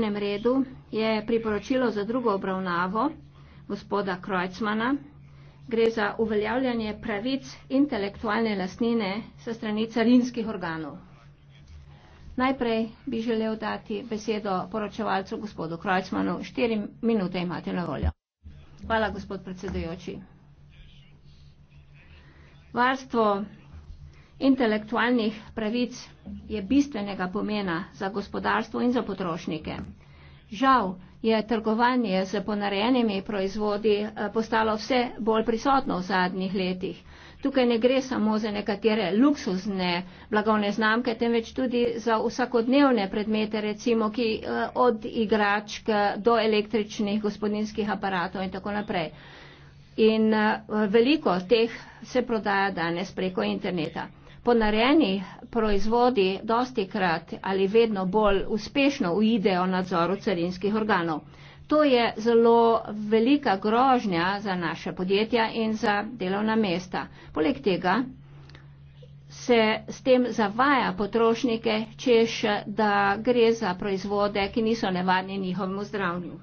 dnevnem redu je priporočilo za drugo obravnavo gospoda Krojcmana. Gre za uveljavljanje pravic intelektualne lastnine sa strani carinskih organov. Najprej bi želel dati besedo poročevalcu gospodu Krojcmanu. Štiri minute imate na voljo. Hvala, gospod predsedujoči. Varstvo intelektualnih pravic je bistvenega pomena za gospodarstvo in za potrošnike. Žal je trgovanje z ponarejenimi proizvodi eh, postalo vse bolj prisotno v zadnjih letih. Tukaj ne gre samo za nekatere luksuzne blagovne znamke, temveč tudi za vsakodnevne predmete, recimo ki eh, od igračk eh, do električnih gospodinskih aparatov in tako naprej. In veliko teh se prodaja danes preko interneta ponarejeni proizvodi dosti krat ali vedno bolj uspešno uidejo nadzoru carinskih organov. To je zelo velika grožnja za naše podjetja in za delovna mesta. Poleg tega se s tem zavaja potrošnike, češ da gre za proizvode, ki niso nevarni njihovemu zdravju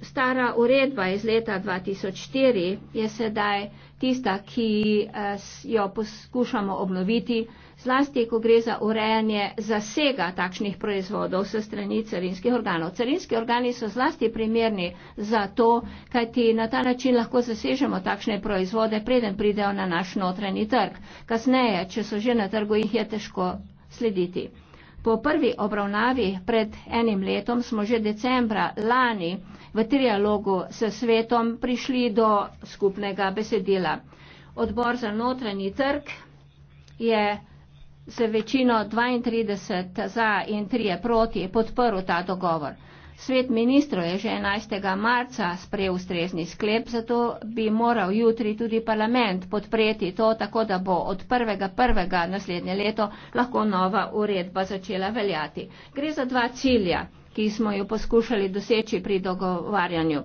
stara uredba iz leta 2004 je sedaj tista, ki eh, jo poskušamo obnoviti, zlasti, ko gre za urejanje zasega takšnih proizvodov s strani carinskih organov. Carinski organi so zlasti primerni za to, kajti na ta način lahko zasežemo takšne proizvode, preden pridejo na naš notreni trg. Kasneje, če so že na trgu, jih je težko slediti. Po prvi obravnavi pred enim letom smo že decembra lani v trialogu s svetom prišli do skupnega besedila. Odbor za notranji trg je z večino 32 za in 3 proti podprl ta dogovor. Svet ministrov je že 11. marca sprejel ustrezni sklep, zato bi moral jutri tudi parlament podpreti to, tako da bo od 1.1. naslednje leto lahko nova uredba začela veljati. Gre za dva cilja ki smo jo poskušali doseči pri dogovarjanju.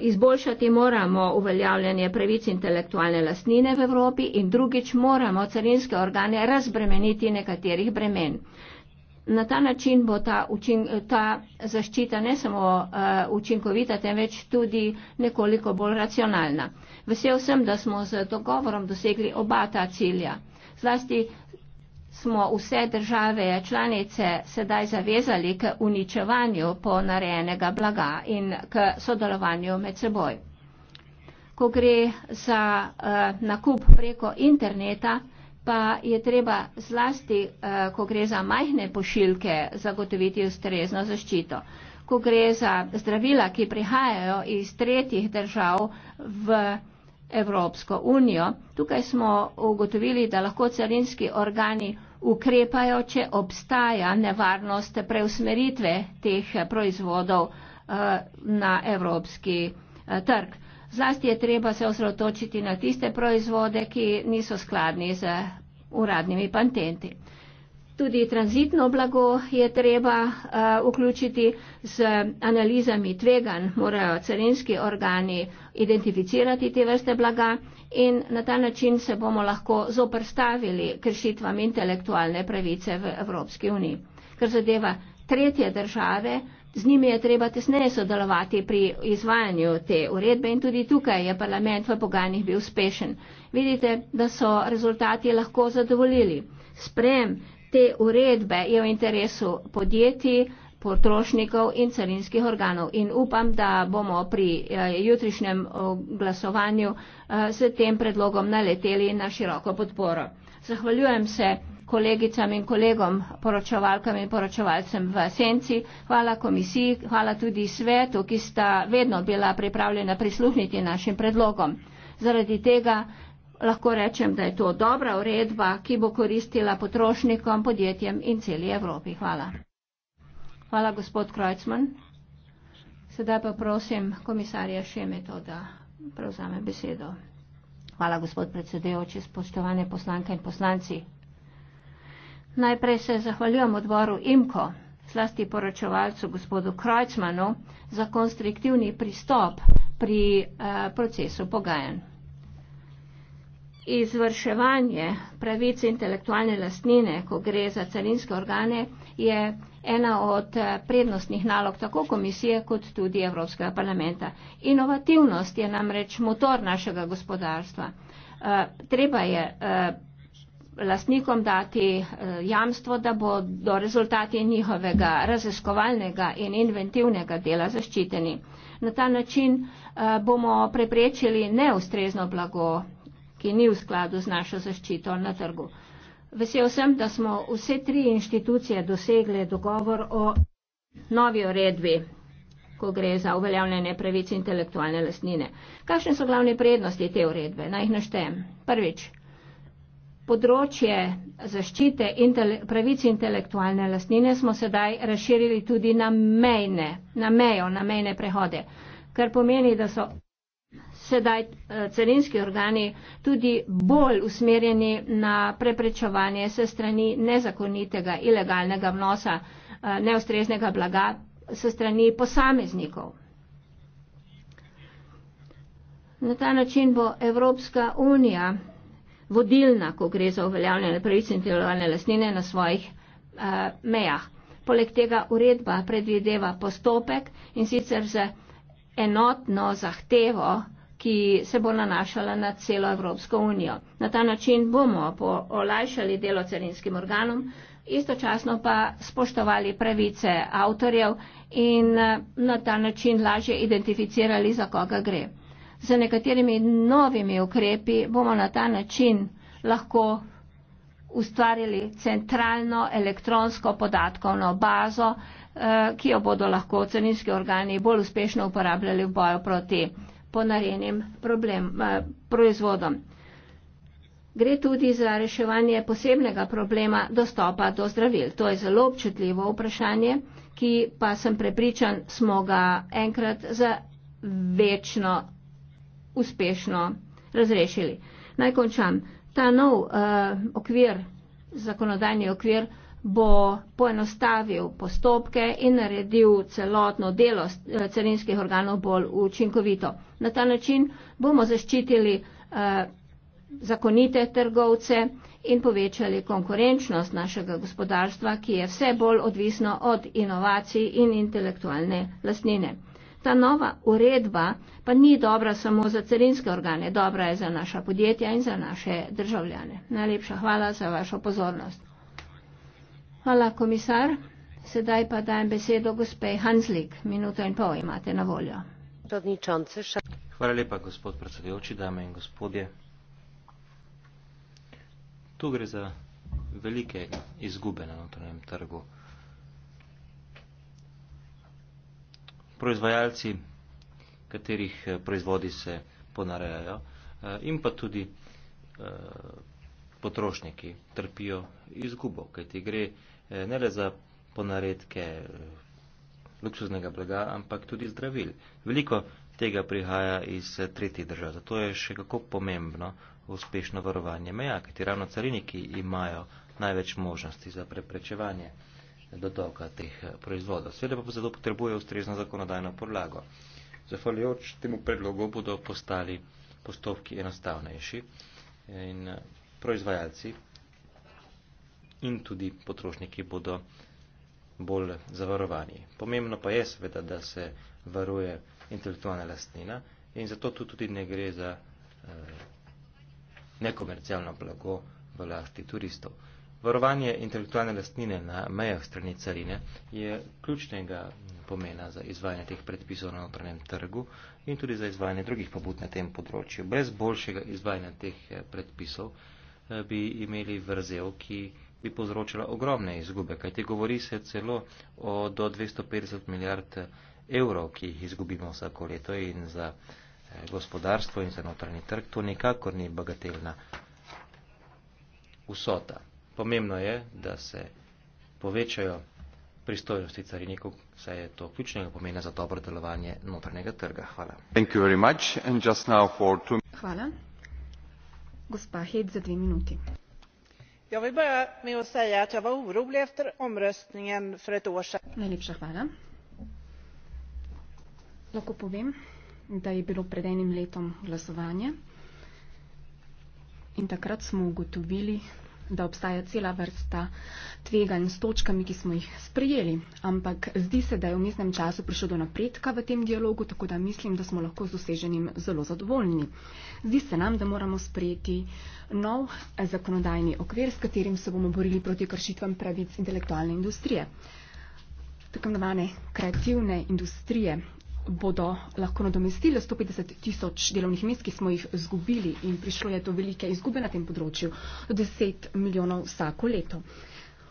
Izboljšati moramo uveljavljanje pravic intelektualne lastnine v Evropi in drugič moramo carinske organe razbremeniti nekaterih bremen. Na ta način bo ta, učin, ta zaščita ne samo uh, učinkovita, temveč tudi nekoliko bolj racionalna. Vesel sem, da smo z dogovorom dosegli oba ta cilja. Zlasti smo vse države članice sedaj zavezali k uničevanju ponarejenega blaga in k sodelovanju med seboj. Ko gre za uh, nakup preko interneta, pa je treba zlasti, uh, ko gre za majhne pošiljke, zagotoviti ustrezno zaščito. Ko gre za zdravila, ki prihajajo iz tretjih držav v Evropsko unijo. Tukaj smo ugotovili, da lahko carinski organi ukrepajo, če obstaja nevarnost preusmeritve teh proizvodov eh, na evropski eh, trg. Zlasti je treba se osredotočiti na tiste proizvode, ki niso skladni z uradnimi patenti tudi tranzitno blago je treba uh, vključiti z analizami tvegan, morajo carinski organi identificirati te vrste blaga in na ta način se bomo lahko zoprstavili kršitvam intelektualne pravice v Evropski uniji. Kar zadeva tretje države, z njimi je treba tesneje sodelovati pri izvajanju te uredbe in tudi tukaj je parlament v pogajanjih bil uspešen. Vidite, da so rezultati lahko zadovoljili. Sprejem te uredbe je v interesu podjetij, potrošnikov in carinskih organov. In upam, da bomo pri eh, jutrišnjem eh, glasovanju eh, s tem predlogom naleteli na široko podporo. Zahvaljujem se kolegicam in kolegom, poročevalkam in poročevalcem v Senci, hvala komisiji, hvala tudi svetu, ki sta vedno bila pripravljena prisluhniti našim predlogom. Zaradi tega lahko rečem, da je to dobra uredba, ki bo koristila potrošnikom, podjetjem in celi Evropi. Hvala. Hvala, gospod Krojcman. Sedaj pa prosim komisarja Šemeto, da prevzame besedo. Hvala, gospod predsedujoči, spoštovane poslanke in poslanci. Najprej se zahvaljujem odboru IMKO, slasti poročevalcu gospodu Krojcmanu, za konstruktivni pristop pri uh, procesu pogajanj izvrševanje pravice intelektualne lastnine, ko gre za carinske organe, je ena od eh, prednostnih nalog tako komisije kot tudi Evropskega parlamenta. Inovativnost je namreč motor našega gospodarstva. Eh, treba je eh, lastnikom dati jamstvo, da bo do rezultati njihovega raziskovalnega in inventivnega dela zaščiteni. Na ta način bomo preprečili neustrezno blago ki ni v skladu z našo zaščito na trgu. Vesel sem, da smo vse tri inštitucije dosegle dogovor o novi uredbi, ko gre za uveljavljanje pravic intelektualne lastnine. Kakšne so glavne prednosti te uredbe? Naj jih naštem. Prvič, področje zaščite intele, pravic intelektualne lastnine smo sedaj razširili tudi na mejne, na mejo, na mejne prehode, kar pomeni, da so sedaj eh, carinski organi tudi bolj usmerjeni na preprečevanje se strani nezakonitega, ilegalnega vnosa eh, neustreznega blaga se strani posameznikov. Na ta način bo Evropska unija vodilna, ko gre za uveljavljanje pravic in delovanje lastnine na svojih uh, mejah. Poleg tega uredba predvideva postopek in sicer z enotno zahtevo uh, ki se bo nanašala na celo Evropsko unijo. Na ta način bomo olajšali delo carinskim organom, istočasno pa spoštovali pravice avtorjev in eh, na ta način lažje identificirali, za koga gre. Z nekaterimi novimi ukrepi bomo na ta način lahko ustvarili centralno elektronsko podatkovno bazo, eh, ki jo bodo lahko carinski organi bolj uspešno uporabljali v boju proti ponarjenim problem, eh, proizvodom. Gre tudi za reševanje posebnega problema dostopa do zdravil. To je zelo občutljivo vprašanje, ki pa sem prepričan, smo ga enkrat za večno uspešno razrešili. Naj končam. Ta nov uh, okvir, zakonodajni okvir, uh, bo poenostavil postopke in naredil celotno delo eh, carinskih organov bolj učinkovito. Na ta način bomo zaščitili eh, zakonite trgovce in povečali konkurenčnost našega gospodarstva, ki je vse bolj odvisno od inovacij in intelektualne lastnine. Ta nova uredba pa ni dobra samo za carinske organe, dobra je za naša podjetja in za naše državljane. Najlepša hvala za vašo pozornost. Hvala, komisar. Sedaj pa dajem besedo gospe Hanslik. Minuto in pol imate na voljo. Hvala lepa, gospod predsedujoči, dame in gospodje. Tu gre za velike izgube na notranjem trgu. Proizvajalci, katerih eh, proizvodi se ponarejajo, eh, in pa tudi eh, potrošniki trpijo izgubo, kajti gre. Eh, ne le za ponaredke eh, luksuznega blaga, ampak tudi zdravil. Veliko tega prihaja iz eh, tretjih držav, zato je še kako pomembno uspešno varovanje meja, kajti ravno cariniki imajo največ možnosti za preprečevanje dotoka teh proizvodov. Sveda pa zato potrebuje ustrezno zakonodajno podlago. Zahvaljujoč temu predlogu bodo postali postopki enostavnejši in proizvajalci in tudi potrošniki bodo bolj zavarovani. Pomembno pa je seveda, da se varuje intelektualna lastnina in zato tu tudi ne gre za eh, nekomercialno blago v lasti turistov. Varovanje intelektualne lastnine na mejah strani carine je ključnega pomena za izvajanje teh predpisov na notranjem trgu in tudi za izvajanje drugih pobud na tem področju. Brez boljšega izvajanja teh eh, predpisov eh, bi imeli vrzel, ki bi povzročila ogromne izgube, kajti govori se celo o do 250 milijard evrov, ki jih izgubimo vsako leto in za eh, gospodarstvo in za notranji trg, to nikakor ni bagatelna vsota. Pomembno je, da se povečajo pristojnosti carinikov, saj je to ključnega pomena za dobro delovanje notranjega trga. Hvala. Thank you very much. And just now for two... Hvala. Gospa Hed za dve minuti jag vill börja med att säga att jag var orolig efter omröstningen för ett år sedan. Lahko povem, da je bilo pred enim letom glasovanje in takrat smo ugotovili, da obstaja cela vrsta tveganj s točkami, ki smo jih sprejeli. Ampak zdi se, da je v mestnem času prišlo do napredka v tem dialogu, tako da mislim, da smo lahko z doseženim zelo zadovoljni. Zdi se nam, da moramo sprejeti nov eh, zakonodajni okvir, s katerim se bomo borili proti kršitvam pravic intelektualne industrije. Tako imenovane kreativne industrije bodo lahko nadomestili 150 tisoč delovnih mest, ki smo jih izgubili in prišlo je do velike izgube na tem področju, do 10 milijonov vsako leto.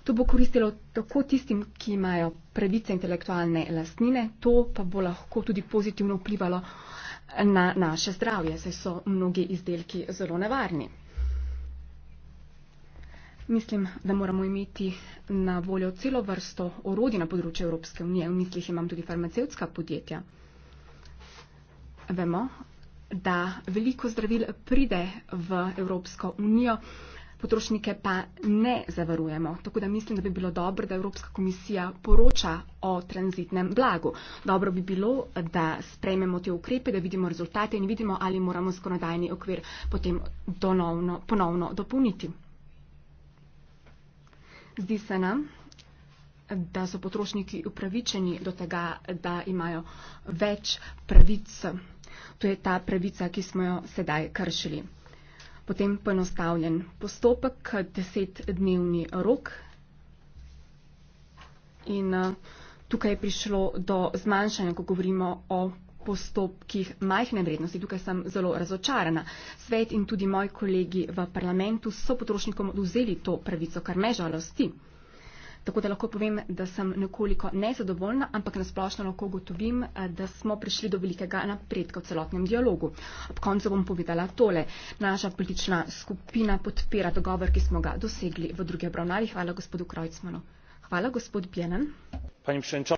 To bo koristilo tako tistim, ki imajo pravice intelektualne lastnine, to pa bo lahko tudi pozitivno vplivalo na naše zdravje, saj so mnogi izdelki zelo nevarni. Mislim, da moramo imeti na voljo celo vrsto orodij na področju Evropske unije. V mislih imam tudi farmacevtska podjetja. Vemo, da veliko zdravil pride v Evropsko unijo, potrošnike pa ne zavarujemo. Tako da mislim, da bi bilo dobro, da Evropska komisija poroča o tranzitnem blagu. Dobro bi bilo, da sprejmemo te ukrepe, da vidimo rezultate in vidimo, ali moramo skonodajni okvir potem donovno, ponovno dopolniti. Zdi se nam, da so potrošniki upravičeni do tega, da imajo več pravic. To je ta pravica, ki smo jo sedaj kršili. Potem poenostavljen postopek, desetdnevni rok. In eh, tukaj je prišlo do zmanjšanja, ko govorimo o postopkih majhne vrednosti. Tukaj sem zelo razočarana. Svet in tudi moji kolegi v parlamentu so potrošnikom oduzeli to pravico, kar me žalosti. Tako da lahko povem, da sem nekoliko nezadovoljna, ampak nasplošno lahko gotovim, da smo prišli do velikega napredka v celotnem dialogu. Ob koncu bom povedala tole. Naša politična skupina podpira dogovor, ki smo ga dosegli v drugi obravnavi. Hvala gospodu Krojcmanu. Hvala gospod Bjenen. Pani predsednica.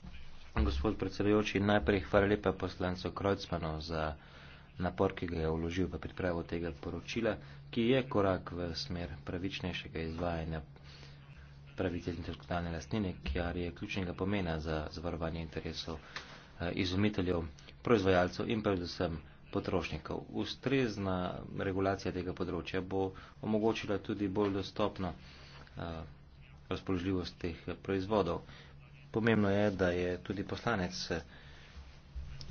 Gospod predsedujoči, najprej hvala lepa poslancu Krojcmanu za napor, ki ga je vložil v pripravo tega poročila, ki je korak v smer pravičnejšega izvajanja pravice intelektualne lastnine, kjer je ključnega pomena za zavarovanje interesov eh, izumiteljev, proizvajalcev in predvsem potrošnikov. Ustrezna regulacija tega področja bo omogočila tudi bolj dostopno eh, razpoložljivost teh proizvodov. Pomembno je, da je tudi poslanec eh,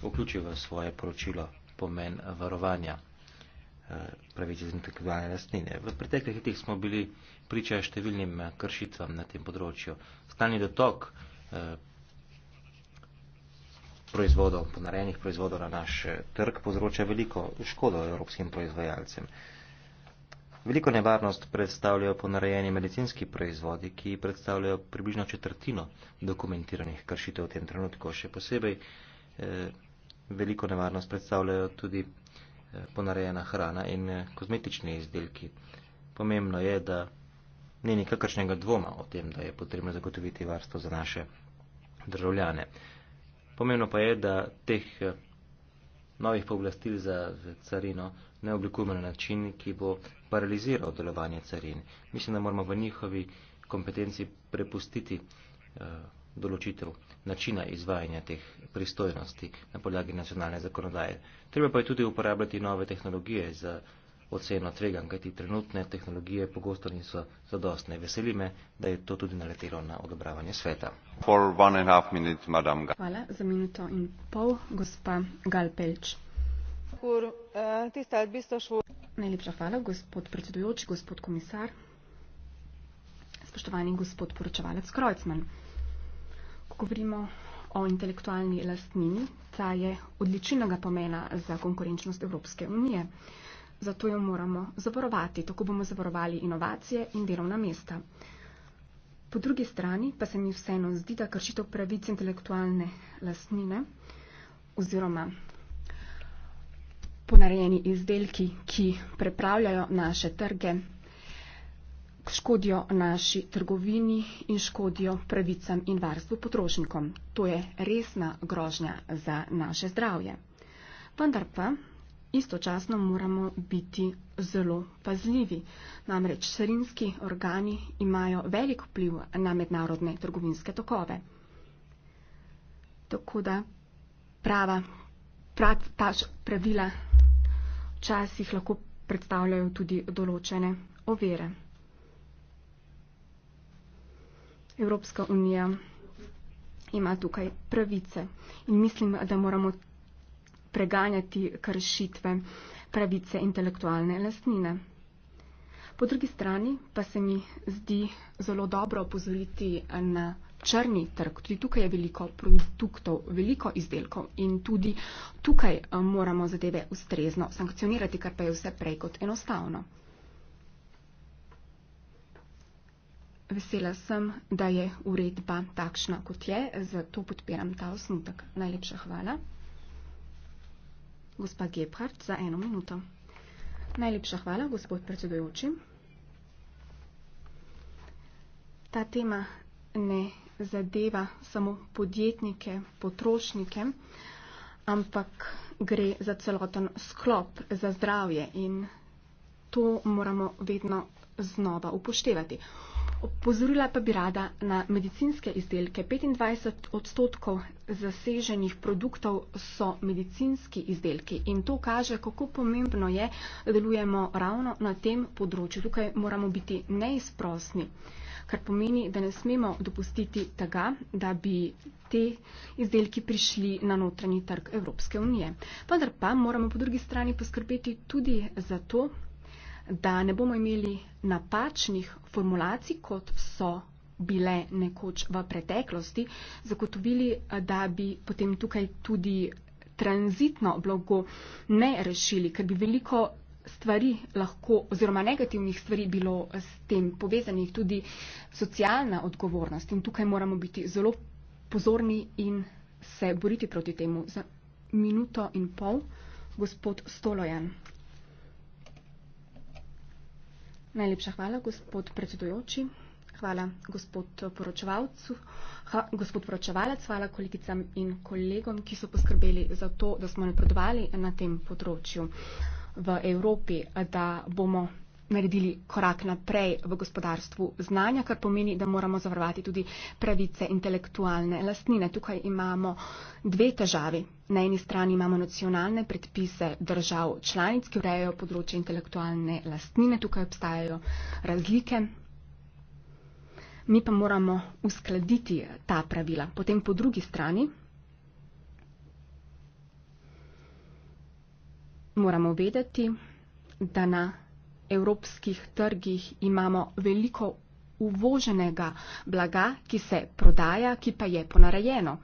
vključil v svoje poročilo pomen eh, varovanja eh, pravice z intelektualne lastnine. V preteklih letih smo bili priča številnim kršitvam na tem področju. Stalni dotok proizvodov, ponarejenih proizvodov na naš trg povzroča veliko škodo evropskim proizvajalcem. Veliko nevarnost predstavljajo ponarejeni medicinski proizvodi, ki predstavljajo približno četrtino dokumentiranih kršitev v tem trenutku. Še posebej eh, veliko nevarnost predstavljajo tudi eh, ponarejena hrana in eh, kozmetični izdelki. Pomembno je, da ni nikakršnega dvoma o tem, da je potrebno zagotoviti varstvo za naše državljane. Pomembno pa je, da teh. Eh, novih pooblastil za carino ne oblikujemo na način, ki bo paraliziral delovanje carin. Mislim, da moramo v njihovi kompetenci prepustiti uh, določitev načina izvajanja teh pristojnosti na podlagi nacionalne zakonodaje. Treba pa je tudi uporabljati nove tehnologije za oceno tvegam, kajti trenutne tehnologije pogosto niso zadostne. Veseli me, da je to tudi naletelo na odobravanje sveta. Minute, Hvala za minuto in pol, gospa Galpelč. Eh, Najlepša hvala, gospod predsedujoči, gospod komisar, spoštovani gospod poročevalec Krojcman. Ko govorimo o intelektualni lastnini, ta je odličnega pomena za konkurenčnost Evropske unije zato jo moramo zavarovati, tako bomo zavarovali inovacije in delovna mesta. Po drugi strani pa se mi vseeno zdi, da kršitev pravic intelektualne lastnine oziroma ponarejeni izdelki, ki prepravljajo naše trge, škodijo naši trgovini in škodijo pravicam in varstvu potrošnikom. To je resna grožnja za naše zdravje. Vendar pa istočasno moramo biti zelo pazljivi. Namreč srinski organi imajo velik vpliv na mednarodne trgovinske tokove. Tako da prava prav, taž pravila včasih lahko predstavljajo tudi določene ovire. Evropska unija ima tukaj pravice in mislim, da moramo preganjati kršitve pravice intelektualne lastnine. Po drugi strani pa se mi zdi zelo dobro opozoriti na črni trg. Tudi tukaj je veliko produktov, veliko izdelkov in tudi tukaj eh, moramo zadeve ustrezno sankcionirati, kar pa je vse prej kot enostavno. Vesela sem, da je uredba takšna, kot je, zato podpiram ta osnutek. Najlepša hvala. Gospa Gebhardt, za eno minuto. Najlepša hvala, gospod predsedujoči. Ta tema ne zadeva samo podjetnike, potrošnike, ampak gre za celoten sklop za zdravje in to moramo vedno znova upoštevati. Opozorila pa bi rada na medicinske izdelke. 25 odstotkov zaseženih produktov so medicinski izdelki in to kaže, kako pomembno je, da delujemo ravno na tem področju. Tukaj moramo biti neizprostni, kar pomeni, da ne smemo dopustiti tega, da bi te izdelki prišli na notranji trg Evropske unije. Vendar pa moramo po drugi strani poskrbeti tudi za to, da ne bomo imeli napačnih formulacij, kot so bile nekoč v preteklosti, zagotovili, da bi potem tukaj tudi tranzitno blago ne rešili, ker bi veliko stvari lahko oziroma negativnih stvari bilo s tem povezanih tudi socialna odgovornost in tukaj moramo biti zelo pozorni in se boriti proti temu. Za minuto in pol, gospod Stolojan. Najlepša hvala, gospod predsedujoči. Hvala, gospod poročevalcu. Ha, gospod poročevalec, hvala kolegicam in kolegom, ki so poskrbeli za to, da smo napredovali na tem področju v Evropi, da bomo naredili korak naprej v gospodarstvu znanja, kar pomeni, da moramo zavarovati tudi pravice intelektualne lastnine. Tukaj imamo dve težavi. Na eni strani imamo nacionalne predpise držav članic, ki urejajo področje intelektualne lastnine. Tukaj obstajajo razlike. Mi pa moramo uskladiti ta pravila. Potem po drugi strani moramo vedeti, da na evropskih trgih imamo veliko uvoženega blaga, ki se prodaja, ki pa je ponarejeno.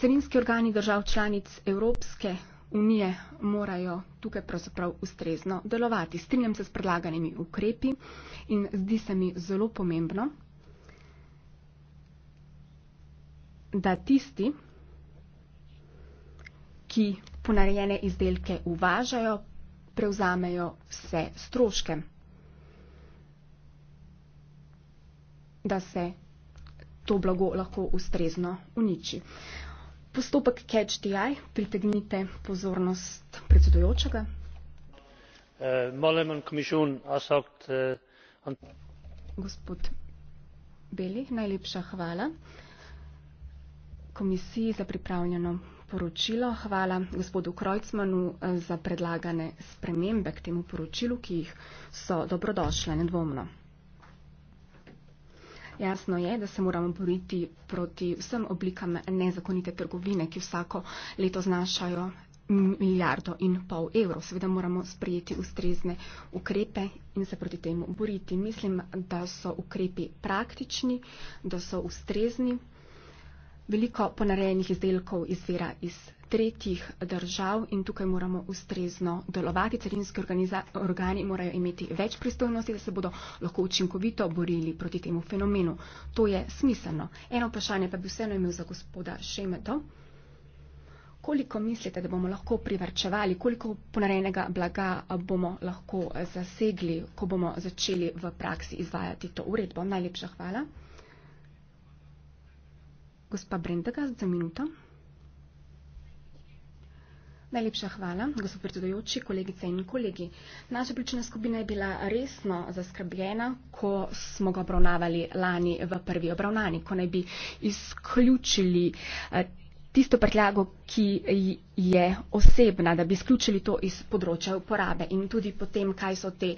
Carinski organi držav članic Evropske unije morajo tukaj pravzaprav ustrezno delovati. Strinjam se s predlaganimi ukrepi in zdi se mi zelo pomembno, da tisti, ki ponarejene izdelke uvažajo, prevzamejo vse stroške. Da se to blago lahko ustrezno uniči. Postopek catch TI, pritegnite pozornost predsedujočega. Eh, eh, Gospod Beli, najlepša hvala komisiji za pripravljeno poročilo. Hvala gospodu Krojcmanu eh, za predlagane spremembe k temu poročilu, ki jih so dobrodošle nedvomno. Jasno je, da se moramo boriti proti vsem oblikam nezakonite trgovine, ki vsako leto znašajo milijardo in pol evrov. Seveda moramo sprejeti ustrezne ukrepe in se proti temu boriti. Mislim, da so ukrepi praktični, da so ustrezni veliko ponarejenih izdelkov izvira iz tretjih držav in tukaj moramo ustrezno delovati. Carinski organi morajo imeti več pristojnosti, da se bodo lahko učinkovito borili proti temu fenomenu. To je smiselno. Eno vprašanje pa bi vseeno imel za gospoda Šemeto. Koliko mislite, da bomo lahko privrčevali, koliko ponarejenega blaga bomo lahko zasegli, ko bomo začeli v praksi izvajati to uredbo? Najlepša hvala. Gospa Brendega, za minuto. Najlepša hvala, gospod predsedujoči, kolegice in kolegi. Naša plična skupina je bila resno zaskrbljena, ko smo ga obravnavali lani v prvi obravnani, ko naj bi izključili. Eh, tisto prtljago, ki je osebna, da bi izključili to iz področja uporabe in tudi potem, kaj so te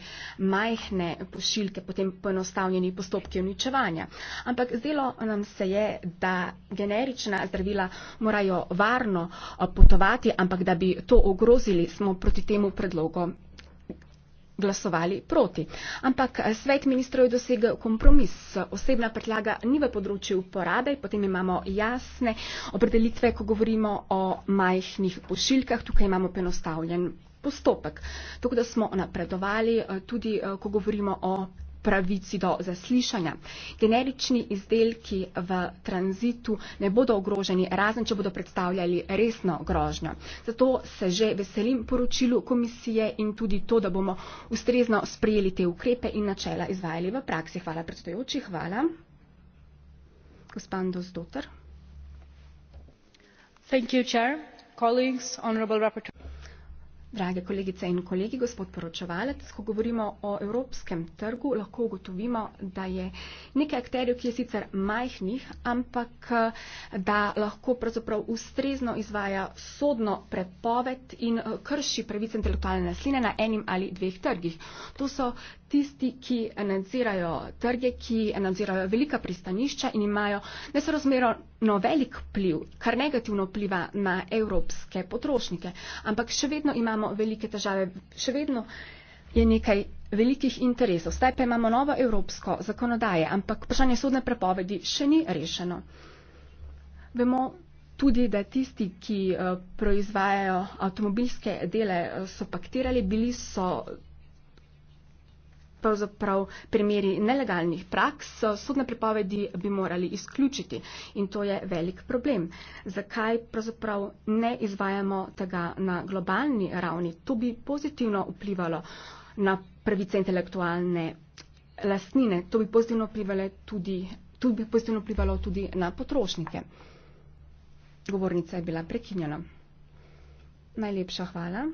majhne pošiljke, potem poenostavljeni postopki uničevanja. Ampak zdelo nam se je, da generična zdravila morajo varno eh, potovati, ampak da bi to ogrozili, smo proti temu predlogu glasovali proti. Ampak eh, svet ministrov je dosegel kompromis. Osebna prtljaga ni v področju uporabe, potem imamo jasne opredelitve, ko govorimo o majhnih pošiljkah, tukaj imamo penostavljen postopek. Tako da smo napredovali eh, tudi, eh, ko govorimo o pravici do zaslišanja. Generični izdelki v tranzitu ne bodo ogroženi, razen če bodo predstavljali resno grožnjo. Zato se že veselim poročilu komisije in tudi to, da bomo ustrezno sprejeli te ukrepe in načela izvajali v praksi. Hvala predstojoči, hvala. Gospod Dozdotr. Thank you, Chair, colleagues, honorable rapporteur. Drage kolegice in kolegi, gospod poročevalec, ko govorimo o evropskem trgu, lahko ugotovimo, da je nekaj akterjev, ki je sicer majhnih, ampak da lahko pravzaprav ustrezno izvaja sodno prepoved in krši pravice intelektualne nasline na enim ali dveh trgih. To so tisti, ki nadzirajo trge, ki nadzirajo velika pristanišča in imajo nesorazmerno velik pliv, kar negativno pliva na evropske potrošnike. Ampak še vedno imamo velike težave, še vedno je nekaj velikih interesov. Zdaj pa imamo novo evropsko zakonodaje, ampak vprašanje sodne prepovedi še ni rešeno. Vemo tudi, da tisti, ki eh, proizvajajo avtomobilske dele, eh, so paktirali, bili so pravzaprav primeri nelegalnih praks, sodne prepovedi bi morali izključiti in to je velik problem. Zakaj pravzaprav ne izvajamo tega na globalni ravni? To bi pozitivno vplivalo na pravice intelektualne lastnine, to bi pozitivno vplivalo tudi, to bi pozitivno vplivalo tudi na potrošnike. Govornica je bila prekinjena. Najlepša hvala,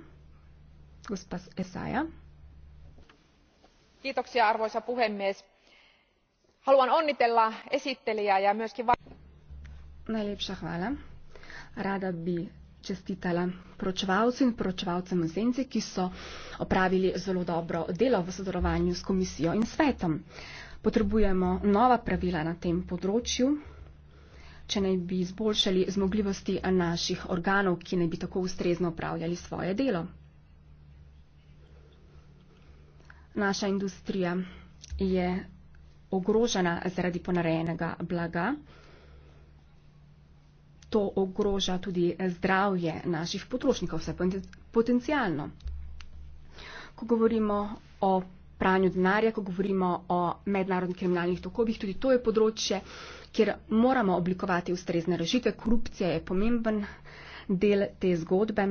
gospa Esaja arvoisa puhemies haluan onnitella esittelijää ja myös Najlepša hvala. Rada bi čestitala pročevalcem in pročevalcem v senci, ki so opravili zelo dobro delo v sodelovanju s komisijo in svetom. Potrebujemo nova pravila na tem področju, če naj bi izboljšali zmogljivosti naših organov, ki naj bi tako ustrezno upravljali svoje delo. naša industrija je ogrožena zaradi ponarejenega blaga. To ogroža tudi zdravje naših potrošnikov, vse potencijalno. Ko govorimo o pranju denarja, ko govorimo o mednarodnih kriminalnih tokovih, tudi to je področje, kjer moramo oblikovati ustrezne rešitve. Korupcija je pomemben del te zgodbe.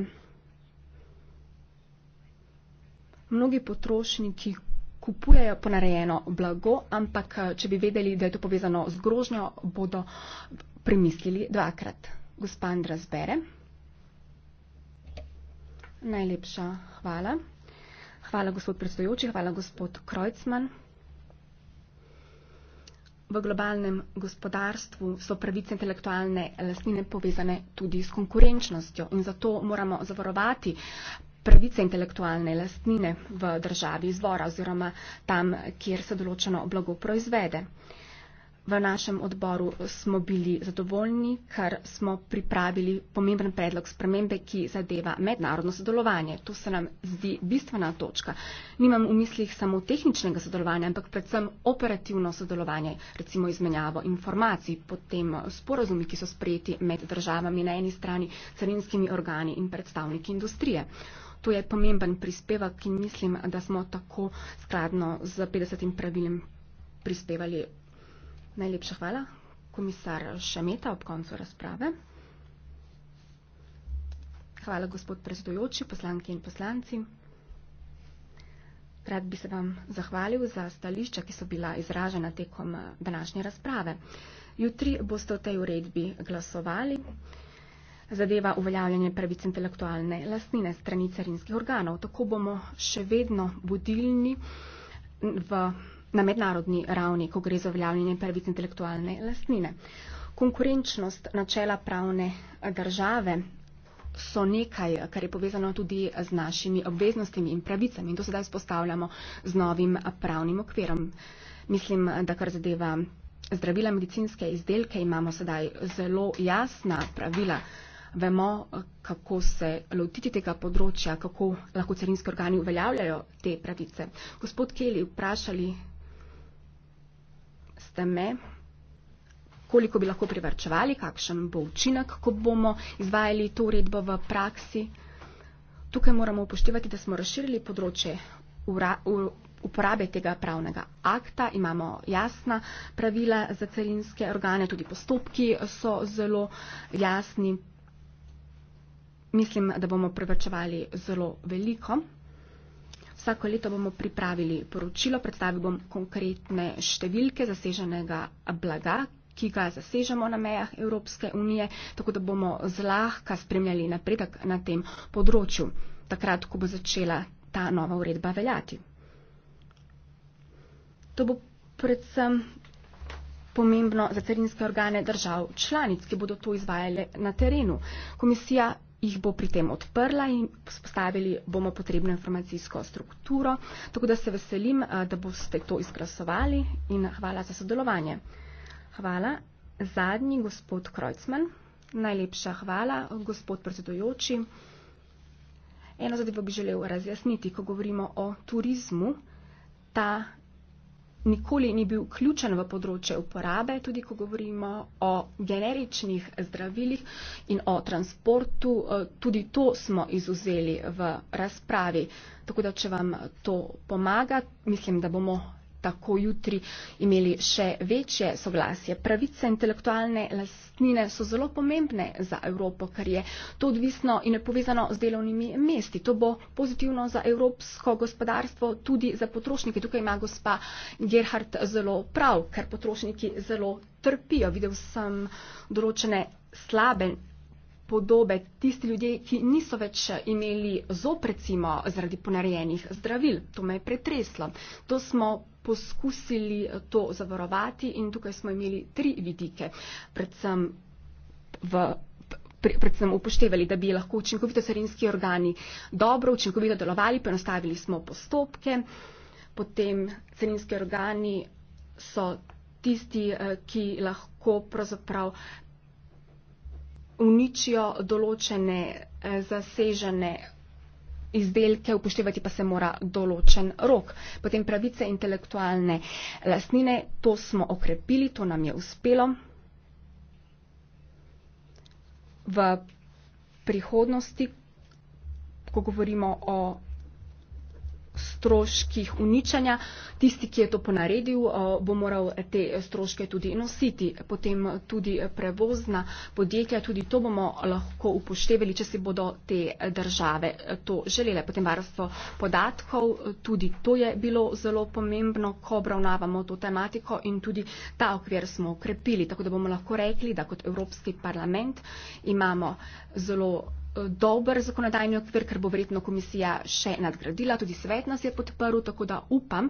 mnogi potrošniki kupujejo ponarejeno blago, ampak eh, če bi vedeli, da je to povezano z grožnjo, bodo premislili dvakrat. Gospa Andra Zbere. Najlepša hvala. Hvala, gospod predstojoči, hvala, gospod Krojcman. V globalnem gospodarstvu so pravice intelektualne lastnine povezane tudi s konkurenčnostjo in zato moramo zavarovati pravice intelektualne lastnine v državi izvora oziroma tam, kjer se določeno blago proizvede. V našem odboru smo bili zadovoljni, ker smo pripravili pomemben predlog spremembe, ki zadeva mednarodno sodelovanje. To se nam zdi bistvena točka. Nimam v mislih samo tehničnega sodelovanja, ampak predvsem operativno sodelovanje, recimo izmenjavo informacij, potem sporozumi, ki so sprejeti med državami na eni strani, carinskimi organi in predstavniki industrije to je pomemben prispevek in mislim, da smo tako skladno z 50. pravilem prispevali. Najlepša hvala, komisar Šameta, ob koncu razprave. Hvala, gospod predsedujoči, poslanki in poslanci. Rad bi se vam zahvalil za stališča, ki so bila izražena tekom današnje razprave. Jutri boste o tej uredbi glasovali zadeva uveljavljanje pravic intelektualne lastnine strani carinskih organov. Tako bomo še vedno budilni v, na mednarodni ravni, ko gre za uveljavljanje pravic intelektualne lastnine. Konkurenčnost načela pravne države so nekaj, kar je povezano tudi z našimi obveznostmi in pravicami in to sedaj spostavljamo z novim pravnim okvirom. Mislim, da kar zadeva zdravila medicinske izdelke, imamo sedaj zelo jasna pravila vemo, kako se lotiti tega področja, kako lahko carinski organi uveljavljajo te pravice. Gospod Keli, vprašali ste me, koliko bi lahko privrčevali, kakšen bo učinek, ko bomo izvajali to uredbo v praksi. Tukaj moramo upoštevati, da smo razširili področje uporabe tega pravnega akta, imamo jasna pravila za carinske organe, tudi postopki so zelo jasni mislim, da bomo privačevali zelo veliko. Vsako leto bomo pripravili poročilo, predstavil bom konkretne številke zaseženega blaga, ki ga zasežemo na mejah Evropske unije, tako da bomo zlahka spremljali napredek na tem področju, takrat, ko bo začela ta nova uredba veljati. To bo predvsem pomembno za carinske organe držav članic, ki bodo to izvajale na terenu. Komisija jih bo pri tem odprla in spostavili bomo potrebno informacijsko strukturo. Tako da se veselim, eh, da boste to izglasovali in hvala za sodelovanje. Hvala. Zadnji, gospod Krojcman. Najlepša hvala, gospod predsedujoči. Eno zadevo bi želel razjasniti, ko govorimo o turizmu, ta nikoli ni bil vključen v področje uporabe, tudi ko govorimo o generičnih zdravilih in o transportu, eh, tudi to smo izuzeli v razpravi. Tako da, če vam to pomaga, mislim, da bomo tako jutri imeli še večje soglasje. Pravice intelektualne lastnine so zelo pomembne za Evropo, ker je to odvisno in je povezano z delovnimi mesti. To bo pozitivno za evropsko gospodarstvo, tudi za potrošnike. Tukaj ima gospa Gerhard zelo prav, ker potrošniki zelo trpijo. Videl sem določene slabe podobe, tisti ljudje, ki niso več imeli zop, recimo, zaradi ponarejenih zdravil. To me je pretreslo. To smo poskusili eh, to zavarovati in tukaj smo imeli tri vidike, predvsem v predvsem upoštevali, da bi lahko učinkovito carinski organi dobro, učinkovito delovali, poenostavili smo postopke. Potem carinski organi so tisti, eh, ki lahko pravzaprav uničijo določene eh, zasežene izdelke, upoštevati pa se mora določen rok. Potem pravice intelektualne lastnine, to smo okrepili, to nam je uspelo. V prihodnosti, ko govorimo o stroških uničanja. Tisti, ki je to ponaredil, eh, bo moral te stroške tudi nositi. Potem tudi prevozna podjetja, tudi to bomo lahko upoštevali, če si bodo te države eh, to želele. Potem varstvo podatkov, eh, tudi to je bilo zelo pomembno, ko obravnavamo to tematiko in tudi ta okvir smo ukrepili. Tako da bomo lahko rekli, da kot Evropski parlament imamo zelo dober zakonodajni okvir, ker bo verjetno komisija še nadgradila, tudi svet nas je podprl, tako da upam,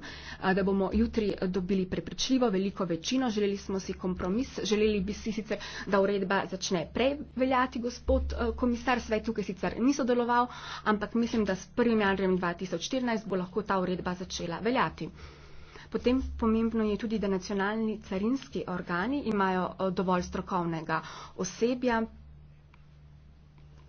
da bomo jutri dobili prepričljivo veliko večino. Želeli smo si kompromis, želeli bi si sicer, da uredba začne preveljati, gospod e, komisar, svet tukaj sicer ni sodeloval, ampak mislim, da s 1. januarjem 2014 bo lahko ta uredba začela veljati. Potem pomembno je tudi, da nacionalni carinski organi imajo e, dovolj strokovnega osebja,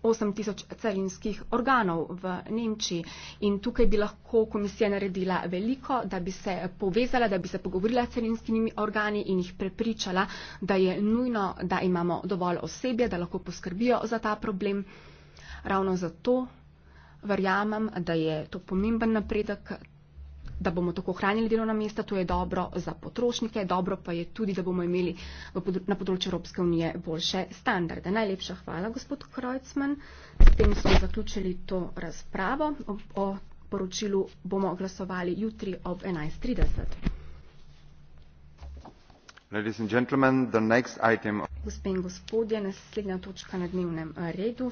8000 celinskih organov v Nemčiji. In tukaj bi lahko komisija naredila veliko, da bi se povezala, da bi se pogovorila s celinskimi organi in jih prepričala, da je nujno, da imamo dovolj osebja, da lahko poskrbijo za ta problem. Ravno zato verjamem, da je to pomemben napredek da bomo tako ohranili delovna mesta, to je dobro za potrošnike, dobro pa je tudi, da bomo imeli na področju Evropske unije boljše standarde. Najlepša hvala, gospod Krojcman. S tem smo zaključili to razpravo. O, o poročilu bomo glasovali jutri ob 11.30. Ladies and gentlemen, the next item. Gospe in gospodje, naslednja točka na dnevnem redu